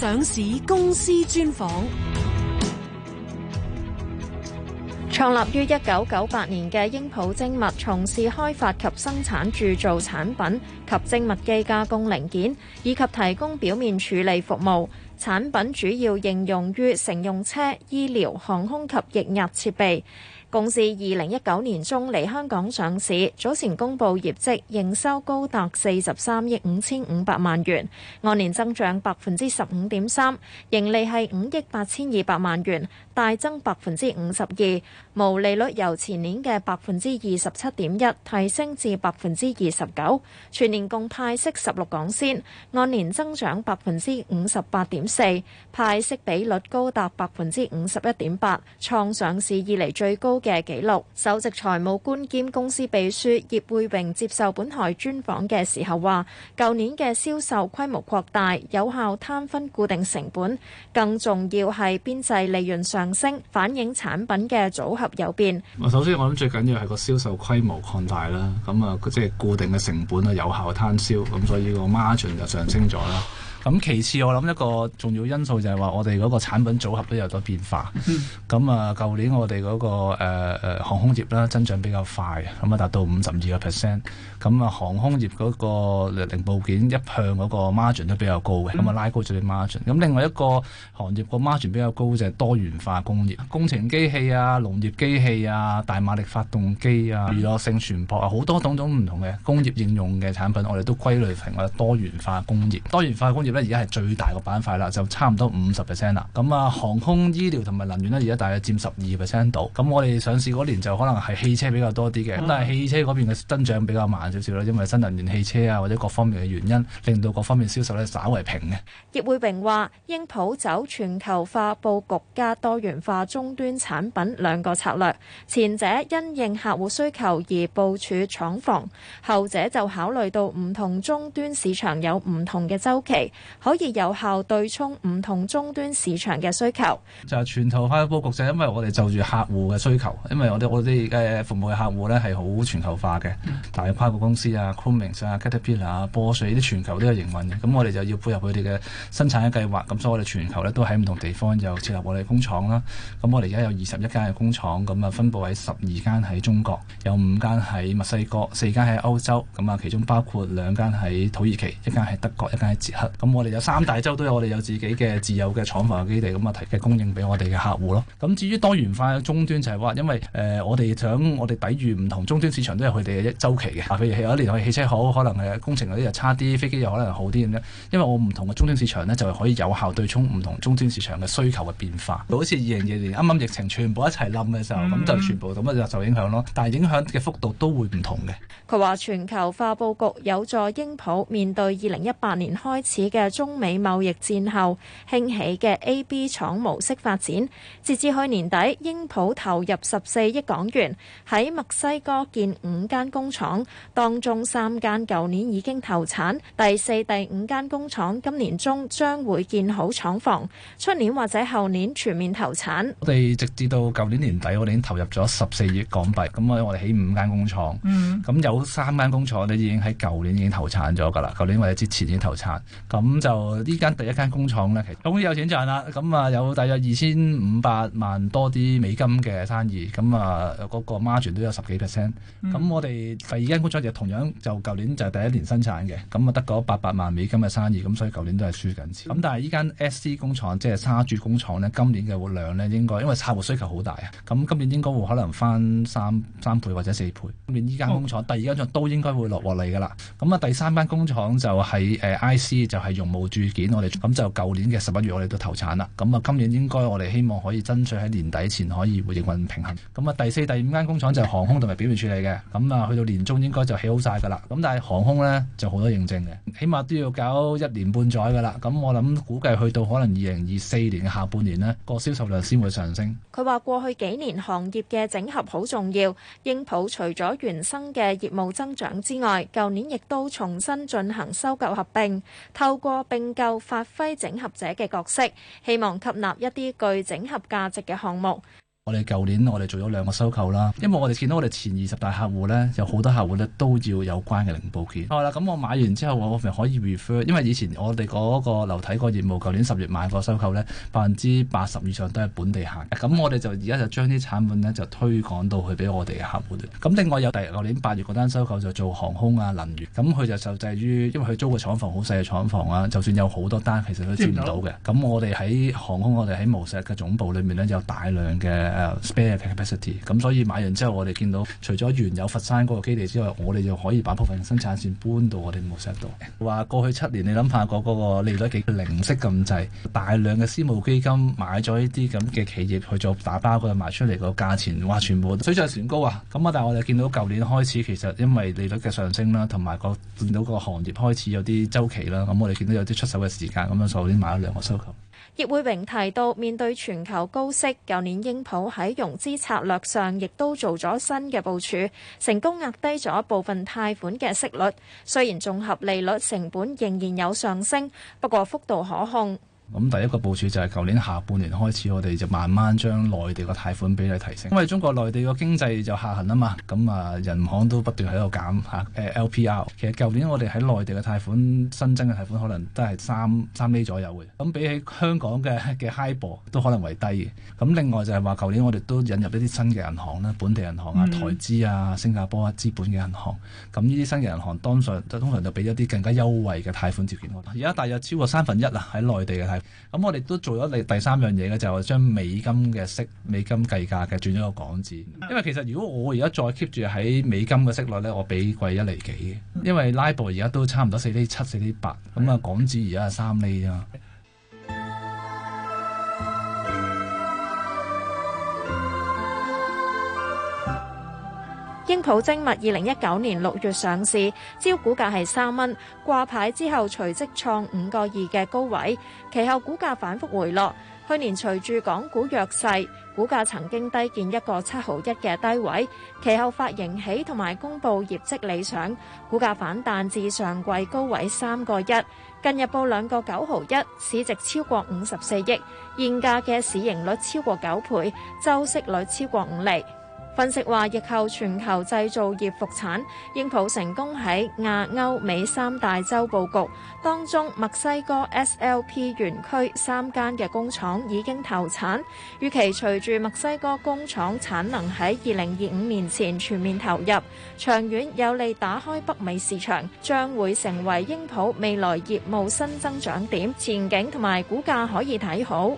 上市公司專訪。創立於一九九八年嘅鷹普精密，從事開發及生產鑄造產品及精密機加工零件，以及提供表面處理服務。產品主要應用於乘用車、醫療、航空及液壓設備。共是，二零一九年中嚟香港上市，早前公布業績，營收高達四十三億五千五百萬元，按年增長百分之十五點三，盈利係五億八千二百萬元，大增百分之五十二，毛利率由前年嘅百分之二十七點一提升至百分之二十九，全年共派息十六港仙，按年增長百分之五十八點四，派息比率高達百分之五十一點八，創上市以嚟最高。嘅記錄，首席財務官兼公司秘書葉滙榮接受本台專訪嘅時候話，舊年嘅銷售規模擴大，有效攤分固定成本，更重要係邊際利潤上升，反映產品嘅組合有變。首先我諗最緊要係個銷售規模擴大啦，咁啊即係固定嘅成本啊有效攤銷，咁所以個 margin 就上升咗啦。咁其次，我諗一個重要因素就係話，我哋嗰個產品組合都有咗變化。咁、嗯、啊，舊年我哋嗰個誒誒航空業啦，增長比較快，咁啊達到五十二個 percent。咁啊，航空業嗰個零部件一向嗰個 margin 都比較高嘅，咁、嗯、啊拉高咗啲 margin。咁另外一個行業個 margin 比較高就係多元化工業、工程機器啊、農業機器啊、大馬力發動機啊、娛樂性船舶啊，好多種種唔同嘅工業應用嘅產品我，我哋都歸類成為多元化工業多元化工業。多元化工業而家係最大個板塊啦，就差唔多五十 percent 啦。咁啊，航空、醫療同埋能源呢，而家大約佔十二 percent 度。咁我哋上市嗰年就可能係汽車比較多啲嘅，咁但係汽車嗰邊嘅增長比較慢少少啦，因為新能源汽車啊或者各方面嘅原因，令到各方面銷售咧稍微平嘅。葉滙榮話：鷹普走全球化佈局加多元化終端產品兩個策略，前者因應客戶需求而部署廠房，後者就考慮到唔同終端市場有唔同嘅周期。可以有效對沖唔同終端市場嘅需求，就係、是、全球化佈局啫。因為我哋就住客戶嘅需求，因為我哋我哋而家服務嘅客戶咧係好全球化嘅、嗯，大跨國公司、嗯、啊、Cummins 啊、Caterpillar 啊、波水啲全球都有營運嘅。咁我哋就要配合佢哋嘅生產嘅計劃。咁所以我哋全球咧都喺唔同地方就設立我哋工廠啦。咁我哋而家有二十一間嘅工廠，咁啊分佈喺十二間喺中國，有五間喺墨西哥，四間喺歐洲，咁啊其中包括兩間喺土耳其，一間喺德國，一間喺捷克。咁我哋有三大洲都有，我哋有自己嘅自有嘅廠房嘅基地，咁啊提供供應俾我哋嘅客戶咯。咁至於多元化嘅終端，就係話，因為誒、呃、我哋想我哋抵禦唔同終端市場都有佢哋嘅一周期嘅。譬如有一年我哋汽車好，可能係工程嗰啲又差啲，飛機又可能好啲咁樣，因為我唔同嘅終端市場咧，就可以有效對沖唔同終端市場嘅需求嘅變化。如好似二零二零啱啱疫情全部一齊冧嘅時候，咁、嗯、就全部咁啊受影響咯。但係影響嘅幅度都會唔同嘅。佢話全球化布局有助鷹普面對二零一八年開始嘅。嘅中美貿易戰後興起嘅 A B 廠模式發展，截至去年底，鷹普投入十四億港元喺墨西哥建五間工廠，當中三間舊年已經投產，第四、第五間工廠今年中將會建好廠房，出年或者後年全面投產。我哋直至到舊年年底，我哋已經投入咗十四億港幣，咁啊，我哋起五間工廠，咁有三間工廠，我哋已經喺舊年已經投產咗噶啦，舊年或者之前已經投產，咁。咁就呢間第一間工廠咧，其實終於有錢賺啦。咁啊，有大約二千五百萬多啲美金嘅生意。咁啊，嗰個 margin 都有十幾 percent。咁、嗯、我哋第二間工廠就同樣就舊年就第一年生產嘅。咁啊，得嗰八百萬美金嘅生意。咁所以舊年都係輸緊錢。咁但係依間 S C 工廠，即係沙住工廠咧，今年嘅貨量咧應該因為客戶需求好大啊。咁今年應該會可能翻三三倍或者四倍。今年依間工廠、哦，第二間廠都應該會落落嚟㗎啦。咁啊，第三間工廠就喺 I C 就係、是。用務注件，我哋咁就舊年嘅十一月，我哋都投產啦。咁啊，今年應該我哋希望可以爭取喺年底前可以回應運平衡。咁啊，第四、第五間工廠就係航空同埋表面處理嘅。咁啊，去到年中應該就起好晒噶啦。咁但係航空咧就好多認證嘅，起碼都要搞一年半載噶啦。咁我諗估計去到可能二零二四年嘅下半年咧，個銷售量先會上升。佢話過去幾年行業嘅整合好重要。鷹普除咗原生嘅業務增長之外，舊年亦都重新進行收購合併。透。過並購發揮整合者嘅角色，希望吸納一啲具整合價值嘅項目。我哋舊年我哋做咗兩個收購啦，因為我哋見到我哋前二十大客戶呢，有好多客戶呢都要有關嘅零部件。好、哦、啦，咁我買完之後，我咪可以 refer，因為以前我哋嗰個樓體個業務，舊年十月買個收購呢，百分之八十以上都係本地客。咁我哋就而家就將啲產品呢就推廣到去俾我哋嘅客戶。咁另外有第，舊年八月嗰單收購就做航空啊能源，咁佢就受制於，因為佢租個廠房好細嘅廠房啊，就算有好多單，其實都接唔到嘅。咁我哋喺航空，我哋喺無錫嘅總部裏面呢，有大量嘅。咁、uh, spare capacity，所以買完之後，我哋見到除咗原有佛山嗰個基地之外，我哋就可以把部分生產線搬到我哋冇錫度。話過去七年，你諗下個個利率幾零息咁滯，大量嘅私募基金買咗呢啲咁嘅企業去做打包，佢賣出嚟個價錢嘩，全部水漲船高啊！咁啊，但係我哋見到舊年開始，其實因為利率嘅上升啦，同埋、那個見到個行業開始有啲周期啦，咁我哋見到有啲出手嘅時間，咁樣已先買咗兩個收購。葉滙榮提到，面對全球高息，舊年鷹普喺融資策略上亦都做咗新嘅部署，成功壓低咗部分貸款嘅息率。雖然綜合利率成本仍然有上升，不過幅度可控。咁第一個部署就係舊年下半年開始，我哋就慢慢將內地嘅貸款比例提升，因為中國內地嘅經濟就下行啊嘛，咁啊，銀行都不斷喺度減吓，LPR。其實舊年我哋喺內地嘅貸款，新增嘅貸款可能都係三三厘左右嘅，咁比起香港嘅嘅 HIBOR 都可能為低。咁另外就係話，舊年我哋都引入一啲新嘅銀行啦，本地銀行啊、嗯、台資啊、新加坡啊資本嘅銀行，咁呢啲新嘅銀行當上就通常就俾一啲更加優惠嘅貸款條件我。而家大約超過三分一啊，喺內地嘅貸。咁、嗯、我哋都做咗第第三樣嘢嘅，就係、是、將美金嘅息、美金計價嘅轉咗個港紙。因為其實如果我而家再 keep 住喺美金嘅息率咧，我畀貴一厘幾。因為拉布而家都差唔多四厘七、四厘八，咁啊港紙而家係三厘啫。鷹普精密2019年6分析話，日後全球製造業復產，鷹普成功喺亞歐美三大洲佈局，當中墨西哥 SLP 園區三間嘅工廠已經投產，預期隨住墨西哥工廠產能喺二零二五年前全面投入，長遠有利打開北美市場，將會成為鷹普未來業務新增長點，前景同埋股價可以睇好。